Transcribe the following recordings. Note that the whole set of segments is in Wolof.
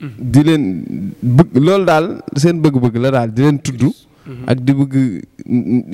di leen bëgg loolu daal seen bëgg la daal di leen tudd. Mhm. ak di bëgg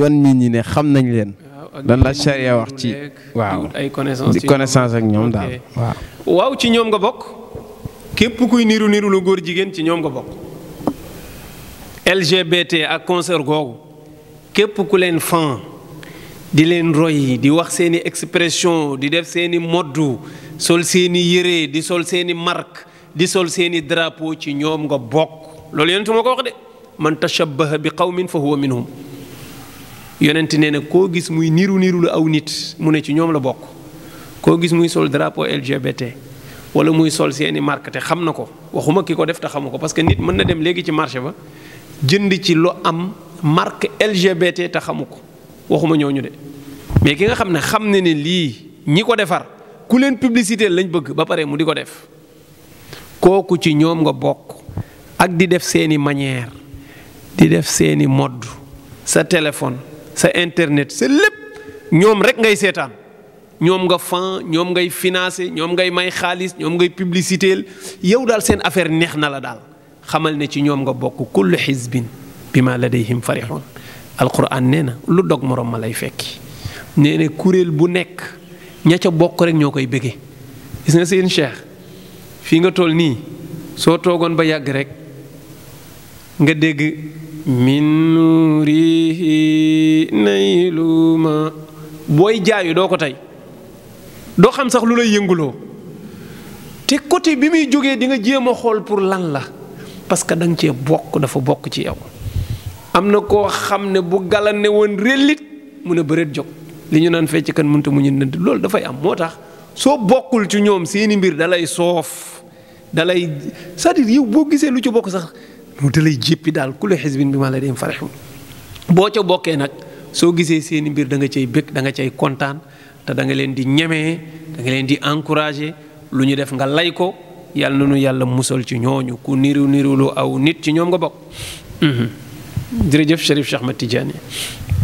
wan nit ñi ne xam nañ leen. lan la charia wax ci. connaissance di connaissance ak ñoom daal waaw. ci ñoom nga LGBT ak concert googu ku di roy di wax expression di def sol seeni di marque. di sol seeni drapeau ci ñoom nga bokk loolu yonent moo ko wax de man tashabbaha bi xaw qawmin fa huwa minhum yonent nee ne koo gis muy niru niru lu aw nit mu ne ci ñoom la bokk koo gis muy sol drapeau LGBT wala muy sol seeni marque te xam na ko waxuma ki ko def te xamu ko parce que nit mën na dem léegi ci marché ba jënd ci lu am marque LGBT te xamu ko waxuma ñooñu de mais ki nga xam ne xam ne ne lii ñi ko defar ku leen publicité lañ bëgg ba pare mu di ko def kooku ci ñoom nga bokk ak di def seeni manière di def seeni modd sa téléphone sa internet sa lépp ñoom rek ngay seetaan ñoom nga fan ñoom ngay financé ñoom ngay may xaalis ñoom ngay publicitéel yow daal seen affaire neex na la daal xamal ne ci ñoom nga bokk kullu xisbin bi ma la ladayhim farixoon alquran nee na lu dog moroom ma lay fekki nee na kuréel bu nekk ña ca bokk rek ñoo koy bëggee gis na seen cheikh fii nga tool nii soo toogoon ba yàgg rekk nga dégg min nuurihi nayluma booy jaayu doo ko tey doo xam sax lu lay yënguloo te côté bi muy jógee di nga jéem a xool pour lan la parce que da nga cee bokk dafa bokk ci yow am na koo xam ne bu galane woon rellit mun a bëreet jóg li ñu naan fecc kan mënta mu ñu nënd loolu dafay am moo tax soo bokkul ci ñoom seeni mbir dalay soof dalay c'est-à-dire yow boo gisee lu ci bokk sax mu dalay jéppi daal kullu xisbin bimaa ladayhim farihun boo ca bokkee nag soo gisee seeni mbir da nga cay bëgg da nga cay kontaan te da nga leen di ñemee da nga leen di encourager lu ñu def nga lay ko yàlla na nu yàlla musal ci ñooñu ku niru niru lu aw nit ci ñoom nga bokk. Mhm. jërëjëf Cherif Cheikh Ahmed Tidiane